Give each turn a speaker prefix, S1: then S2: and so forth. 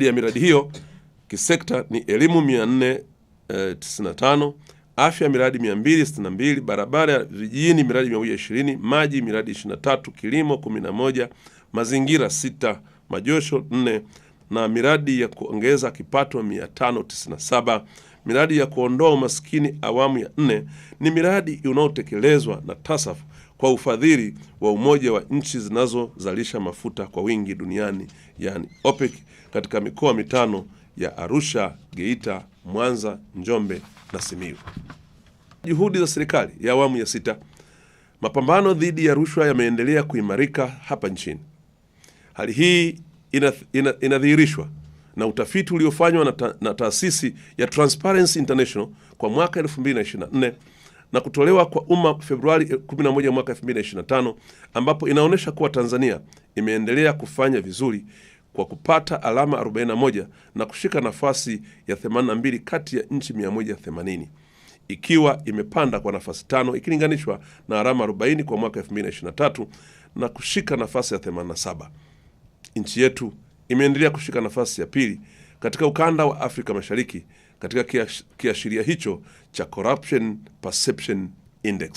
S1: ya miradi hiyo kisekta ni elimu 495, eh, afya miradi 262, barabara ya vijijini miradi 120, maji miradi 23, kilimo 11, mazingira 6, majosho 4 na miradi ya kuongeza kipato 597. Miradi ya kuondoa umaskini awamu ya nne ni miradi inayotekelezwa na TASAF kwa ufadhili wa Umoja wa Nchi Zinazozalisha Mafuta kwa Wingi Duniani, yani OPEC, katika mikoa mitano ya Arusha, Geita, Mwanza, Njombe na Simiyu. Juhudi za serikali ya awamu ya sita, mapambano dhidi ya rushwa yameendelea kuimarika hapa nchini. Hali hii inadhihirishwa na utafiti uliofanywa na, ta, na taasisi ya Transparency International kwa mwaka 2024 na kutolewa kwa umma Februari 11 mwaka 2025, ambapo inaonyesha kuwa Tanzania imeendelea kufanya vizuri kwa kupata alama 41 na kushika nafasi ya 82 kati ya nchi 180 ikiwa imepanda kwa nafasi tano ikilinganishwa na alama 40 kwa mwaka 2023 na kushika nafasi ya 87. Nchi yetu imeendelea kushika nafasi ya pili katika ukanda wa Afrika Mashariki katika kiashiria hicho cha Corruption Perception Index.